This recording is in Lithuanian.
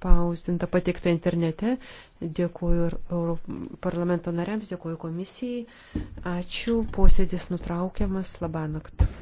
išpausdinta, patikta internete. Dėkuoju parlamento nariams, dėkuoju komisijai. Ačiū, posėdis nutraukiamas. Labanakt.